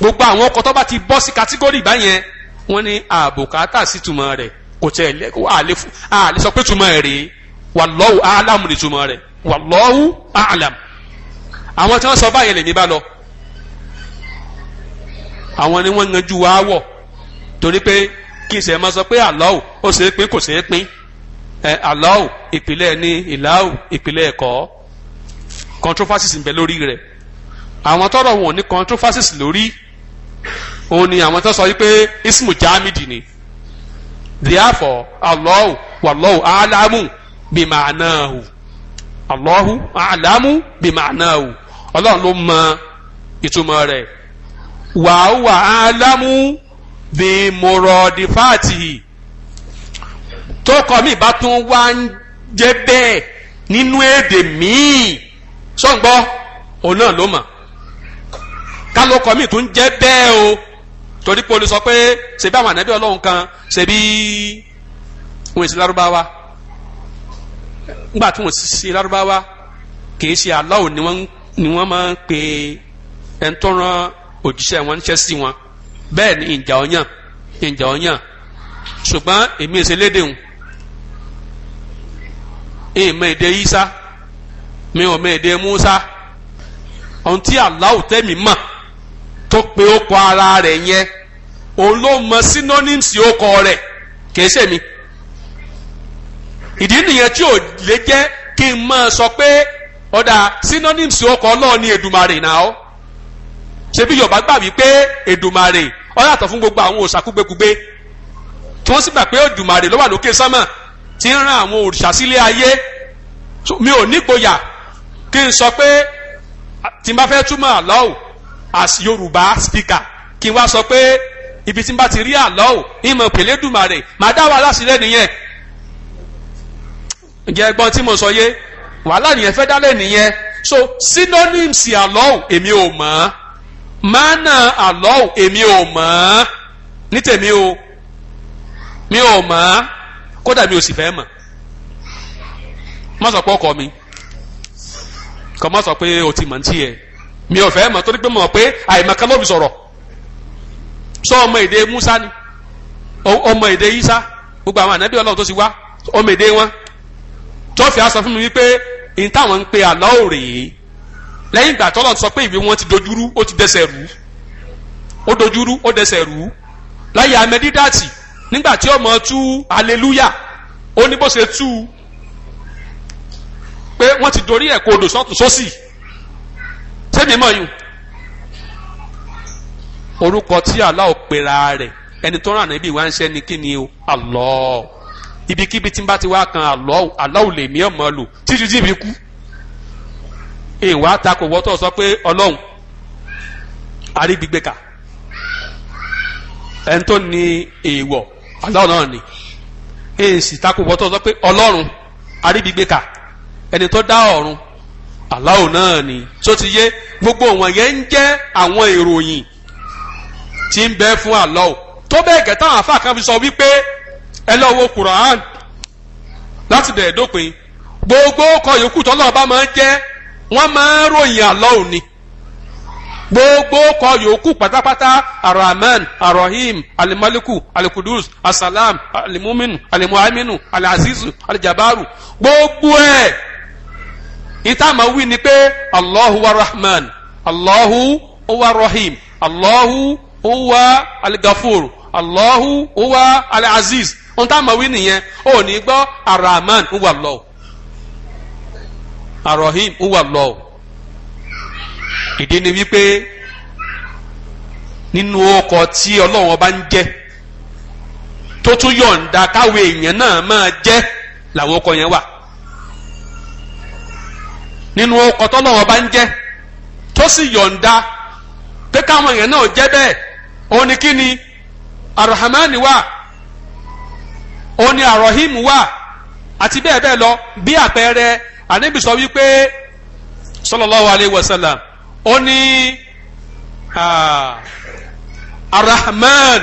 gbogbo àwọn ọkọ̀ tó bá ti bọ́ sí kátígórì báyẹn wọ́n ní àbùkátà sí túmọ̀ rẹ̀ kò tẹ̀ àlè sọ pé túmọ̀ rẹ̀ rèé wàlọ́wù àlàm ni túmọ̀ rẹ̀ wàlọ́wù àlàm àwọn tí wọ́n sọ báyẹn lèmi bá lọ àwọn ni wọ́n yanjú aáwọ̀ torí pé kí n sẹ́ máa sọ pé àlọ́wù ó ṣeé pín kò ṣeé pín ẹ àlọ́wù ìpìlẹ̀ ní ìlàwù ìpìlẹ̀ ẹ̀kọ́ controversies ń bẹ lórí rẹ̀ àwọn tọrọ wọn ò controversies lórí òun ni àwọn tó sọ wípé ismu jamidi ni therefore allahu wallahu alamu bimaanahu allahu alamu bimaanahu ọlọ́run ló mọ ìtumọ̀ rẹ̀ wàhùwà alamu bimurọ̀dìfàtì tó kọ́ mi bá tún wá ń jẹ́ bẹ́ẹ̀ nínú èdè míì sọ̀ǹgbọ́ òun náà ló mọ̀ ń lókọ míì tó ń jẹ́ bẹ́ẹ̀ o torí pé olùsọ pé ṣebí àwọn ànábì ọlọ́run kan ṣebí wọn èsì lárúbáwá ńgbà tí wọn sì lárúbáwá kì í ṣe aláwo ni wọ́n ni wọ́n máa ń pe ẹ̀ńtọ́ràn òjíṣẹ́ wọn níṣẹ́ sí wọn bẹ́ẹ̀ ni ìjà ọ̀yàn ìjà ọ̀yàn ṣùgbọ́n èmi èsè lédè hùn èèmọ̀ èdè Ìsá mi ò mọ̀ èdè Mùsá ohun tí aláwo tẹ́mi mọ̀ tó pe ókọ ara rẹ̀ yẹn òun ló mọ synonyms ókọ rẹ̀ kìí ṣe mi ìdí nìyẹn tí ò lè jẹ́ kí n máa sọ pé ọ̀dà synonyms ókọ náà ni Èdùmàrè náà ó ṣebí Yorùbá gbà wípé Èdùmàrè ó yàtọ̀ fún gbogbo àwọn òòṣà kúgbekúgbe tí wọ́n sì gbà pé Èdùmàrè ló wà lókè sánmà tí ń ran àwọn òrìṣà sílé ayé mi ò nígboyà kí n sọ pé tí n bá fẹ́ túmọ̀ àlọ́ as Yorùbá speaker kí n wá sọ pé ibi tí n bá ti rí àlọ́ ò ìmọ̀ òkèlè dùmàrè màá dá wàhálà sílẹ̀ nìyẹn ǹjẹ́ ẹgbọ́n tí mo sọ yé wàhálà nìyẹn fẹ́ dálẹ̀ nìyẹn so synonyms àlọ́ ò èmi ò mọ̀ mánà àlọ́ ò èmi ò mọ̀ ní tèmi o mi ò mọ̀ kódà mi ò sì fẹ́ mọ̀ má ọkọ mi kò má o ti mọ̀ ní tiẹ̀ mi ò fẹ́ mọ̀ torí pé mọ̀ pé àìmọ̀kan ló fi sọ̀rọ̀ sọ ọmọ èdè Musa ni ọmọ èdè Isa gbogbo àwọn ànábì Ọlọ́run tó ti wá ọmọ èdè wọn tọ́fì á sọ fún mi wípé ní táwọn ń pe àlọ́ òrèé lẹ́yìn ìgbà tọ́lọ̀ sọ pé ìwé wọn ti dojúrú ó ti dẹsẹ̀ rú ó dojúrú ó dẹsẹ̀ rú láyé amẹ́dídàtì nígbà tí ọmọ tú aleluya ó ní bó ṣe tú pé wọ́n ti dorí ẹ̀ kodò sọ́tún sósì. So sẹ́mi mọ̀ yìí orúkọ tí Allah pera rẹ̀ ẹni tó ràn níbi ìwà ń ṣe ni kí ni o Allah ibikíbi tí n bá ti wá kan Allah Allah lè mí ọmọ lò títí tí ibi kú ìwà takò wọ́tọ̀ sọ pé ọlọ́run arígbígbéka ẹni tó ní èèwọ̀ Allah náà ni èsì takò wọ́tọ̀ sọ pé ọlọ́run arígbígbéka ẹni tó dá ọ̀run aláwo náà ni tó ti yé gbogbo wọn yẹn ń jẹ́ àwọn ìròyìn tí ń bẹ fún aláwo tó bẹ́ẹ̀ gẹ́ táwọn afa kan fi sọ wípé ẹ lọ wo Quran láti bẹ̀rẹ̀ dópin gbogbo ọkọ̀ yòókù tó lọ́ọ́ bá máa ń jẹ́ wọ́n máa ń ròyìn aláwo ni gbogbo ọkọ̀ yòókù pátápátá arahman arahim alimaliku alikudus asalam alimumin alimuhaminu aliazizu alijabaru gbogbo ẹ̀. ìtààmà wí ni pé allahu wa rahman allahu wa rahim allahu wa al-gafur allahu wa al-aziz ohun táàmà wí nìyẹn ò ní gbọ́ arahman wa Allah arahim wa Allah ìdí ni wípé nínú ọkọ̀ tí ọlọ́run ọba ń jẹ́ tó tún yọ̀ǹda káwé èèyàn náà máa jẹ́ làwọn ọkọ̀ yẹn wà nínú ọkọ̀ tọ́lọ́wọ́ bá ń jẹ́ tó sì yọ̀ǹda pé káwọn èèyàn náà jẹ́ bẹ́ẹ̀ òun ni kí ni arahamani wà òun ni arahim wà àti bẹ́ẹ̀ bẹ́ẹ̀ lọ bí àpẹẹrẹ ànábì sọ wípé sallallahu alayhi wa sallam ó arahman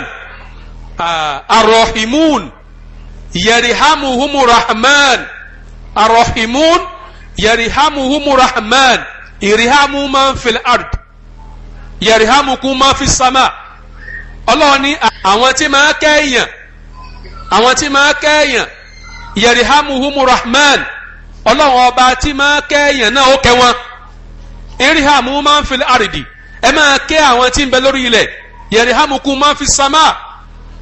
arahimun yẹrihamuhumu rahman arahimun yarihamuhumu rahman irihamu man fil ard yarihamukum man fi sama ọlọ́run ní àwọn tí máa kẹ́yàn àwọn tí máa kẹ́yàn yarihamuhumu rahman ọlọ́run ọba tí máa kẹ́yàn náà ó kẹ́ wọn irihamu man fil ardi ẹ máa kẹ́ àwọn tí ń bẹ lórí ilẹ̀ yarihamukum man fi sama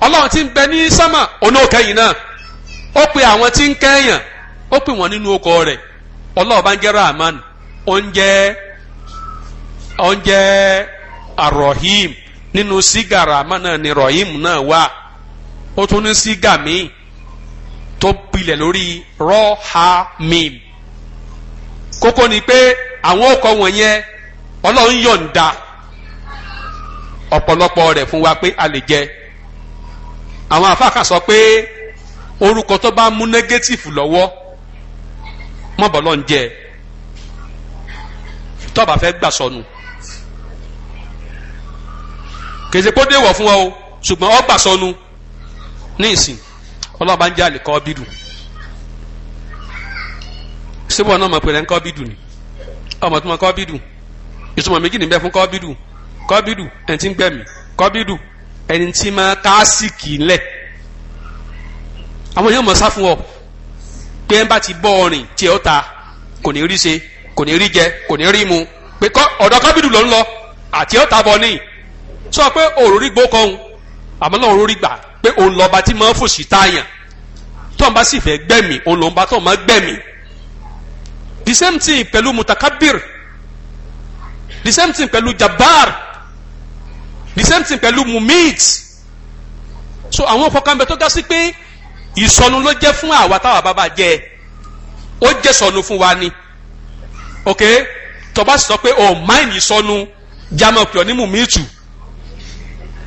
ọlọ́run tí ń bẹ ní sámà òun náà náà ó pe àwọn tí ń kẹ́yàn ó pè wọ́n nínú ọkọ rẹ̀ ọlọ́run bá ń jẹ́ rahman ó ń jẹ́ ó ń jẹ́ arohim nínú sígà rahman náà ni rohim náà wà ó tún ní sígà míì tó pilẹ̀ lórí rọ́hámìm kókó ni pé àwọn ọkọ̀ wọ̀nyẹn ọlọ́run yọ̀ǹda ọ̀pọ̀lọpọ̀ rẹ̀ fún wa pé a lè jẹ àwọn àfáàkà sọ pé orúkọ tó bá mú nẹ́gẹ́tìfù lọ́wọ́ mọ̀bọ̀lọ́ ń jẹ tọ́ba fẹ́ gbà sọnù kèsì kó déwọ̀ fún ọ o ṣùgbọ́n ọ gbà sọnù ní ìsìn ọlọ́ba ń jẹ́ àlìkọ́ bídùn síbò náà mọ̀ pé rẹ̀ ń kọ́ bídùn ni ọmọ tó mọ̀ kọ́ bídùn ìtumọ̀ méjì níbẹ̀ fún kọ́ bídùn kọ́ bídùn ẹni tí ń gbẹ̀mí kọ́ bídùn ẹni tí máa káásìkì ńlẹ̀ àwọn yóò mọ̀ sá ọ pé ẹ bá ti bọ́ ọrìn tí ẹ ó ta kò ní rí ṣe kò ní rí jẹ kò ní rí mu pé kọ́ ọ̀dọ̀ kábídù ló ń lọ àti ẹ ó ta ní sọ pé òrórí gbó kọ́hún náà òrórí gbà pé òun lọ́ba tí máa ń fòṣì tóun bá sì fẹ́ gbẹ̀mí òun lòun bá tóun máa gbẹ̀mí the same thing pẹ̀lú mutakabir the same thing pẹ̀lú jabar the same thing pẹ̀lú mumit so àwọn fọkànbẹ tó ga sí pé ìsọnù ló jẹ́ fún àwa táwa bàbá jẹ́ ó jẹ́ sọnù fún wa ni ok tọba sọ pé ọ̀ oh, máìnì ìsọnù jámọ̀ pìọ̀ ní mùmíìtù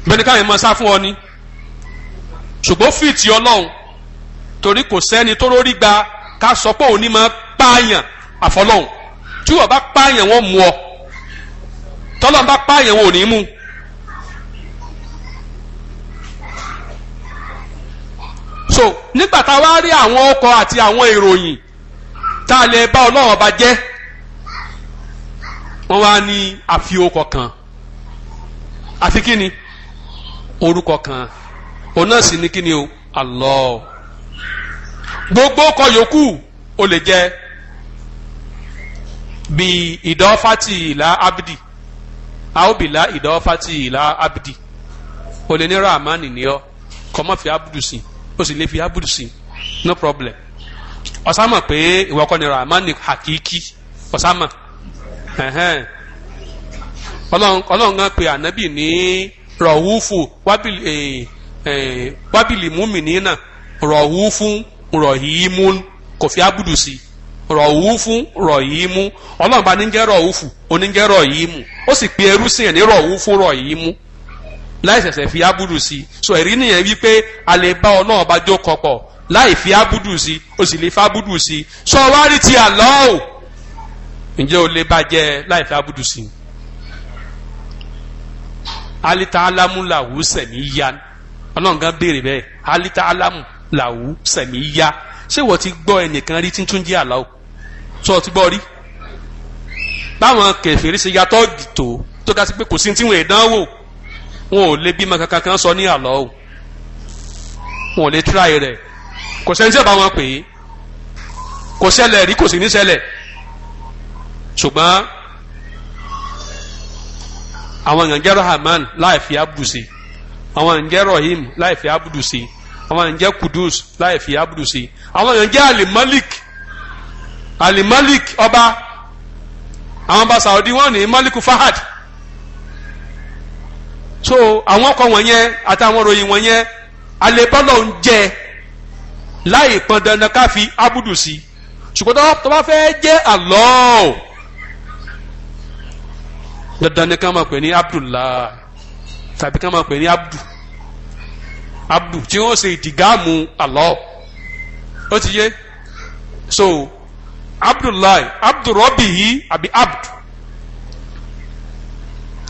bẹ́ẹ̀ ni káyọ̀ máa sá fún ọ ni ṣùgbọ́n fìtì ọlọ́run torí kò sẹ́ni tó rórí gba ká sọ pé òun ní máa pààyàn àfọlọ́hún tí wọ́n bá pààyàn wọ́n mú ọ tọ́lọ́n bá pààyàn wọn ò ní mú nígbà tá a wá rí àwọn ọkọ̀ àti àwọn ìròyìn tá a lè bá ọlọ́run ọba jẹ́ wọ́n wá ní àfi kan àfi kí ni orúkọ kan òun náà sì ní kí ni o Allah gbogbo ọkọ̀ yòókù ó lè jẹ́ bí ìdọ́fàtì ìlà abdi àóbìlà ìdọ́fàtì ìlà abdi ó lè ní rahman ní ọ kọ́mọ́fì abdu sí i. o sì lè fi abudu si no problem ọ̀sámọ̀ pé ìwọ ni rahman hakiki ọ̀sámọ̀ pe ní rọ̀wúfù wábìlì eh, eh, rọ̀wúfù kò fi abudu rọ̀wúfù bá ní jẹ́ rọ̀wúfù ó sì ẹrú sí ní rọ̀wúfù láì ṣẹ̀ṣẹ̀ fi abudu sí so ẹ̀rí nìyẹn wípé a lè bá ọlọ́run bá jókòó pọ̀ láì fi abudu sí o sì lè fa abudu sí sọ wá rí ti àlọ́ o ǹjẹ́ o lè bàjẹ́ láì fi abudu sí. alita alamu làwù sẹ̀mí ya ọlọ́run gan béèrè bẹ́ẹ̀ alita alamu làwù sẹ̀mí ya ṣé wọ́n ti gbọ́ ẹnìkan rí tuntun jẹ́ àlọ́ o sọ ti gbọ́ rí báwọn kẹfìrí ṣe yàtọ̀ gìtò tó ga sí pé kò sí tí wọ́n èdánwò wọn ò lè bímọ kankan kan sọ ní àlọ́ o wọn ò lè tíráì rẹ̀ kò sẹ́ni tí ò bá wọn pè é kò ṣẹlẹ̀ rí kò sì ní ṣẹlẹ̀ ṣùgbọ́n àwọn èèyàn jẹ́ rahman láìfi abudusi àwọn èèyàn jẹ́ rahim láìfi abudusi àwọn èèyàn jẹ́ kudus láìfi abudusi àwọn èèyàn jẹ́ ali malik ọba àwọn ọba saudi wọn ní maliku fahad so àwọn ọkọ wọn yẹn àtàwọn ròyìn wọn yẹn àlebọ́lọ̀ ń jẹ láì pọn dandan ká fi abudu sí ṣùgbọ́n tó bá fẹ́ jẹ́ Allah dandan ni ká máa pè ní abdullah tàbí ká máa pè ní abdu abdu tí wọ́n ṣe ìdìgáàmù Allah ó ti yé so abdullahi abdurọ́bì yìí àbí abdu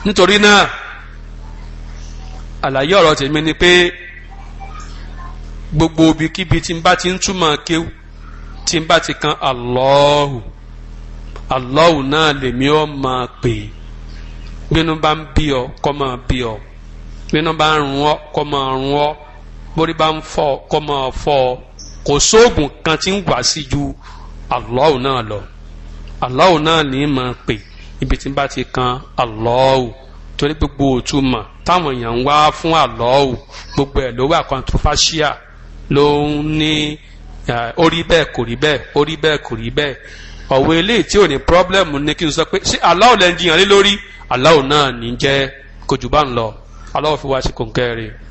nítorí náà àlàyé ọ̀rọ̀ tèmi ni pé gbogbo ibikíbi tí n bá ti ń túmọ̀ kéwù tí n bá ti kan Allahu Allahu náà lèmi ọ́ máa pè é bínú bá ń bí ọ kọ́ máa bí ọ bínú bá ń rún ọ kọ́ máa rún ọ bórí bá ń fọ́ kọ́ máa fọ́ ọ kò sóògùn kan tí ń wá sí ju Allahu náà lọ Allahu náà ní máa pè ibi tí n bá ti kan Allahu torí gbogbo òtúmọ̀ táwọn èèyàn ń wá fún àlọ́ọ̀hù gbogbo ẹ̀ ló wà controversial ló ń ní ó rí bẹ́ẹ̀ kò rí bẹ́ẹ̀ ó rí bẹ́ẹ̀ kò rí bẹ́ẹ̀ ọ̀wọ́ eléyìí tí ò ní problem ní kí n sọ pé ṣé aláwọ̀ lẹ́yìn jiyàn lé lórí aláwọ̀ náà ní jẹ́ kò bá ń lọ aláwọ̀ fi wá ṣe kò ń kẹ́rin.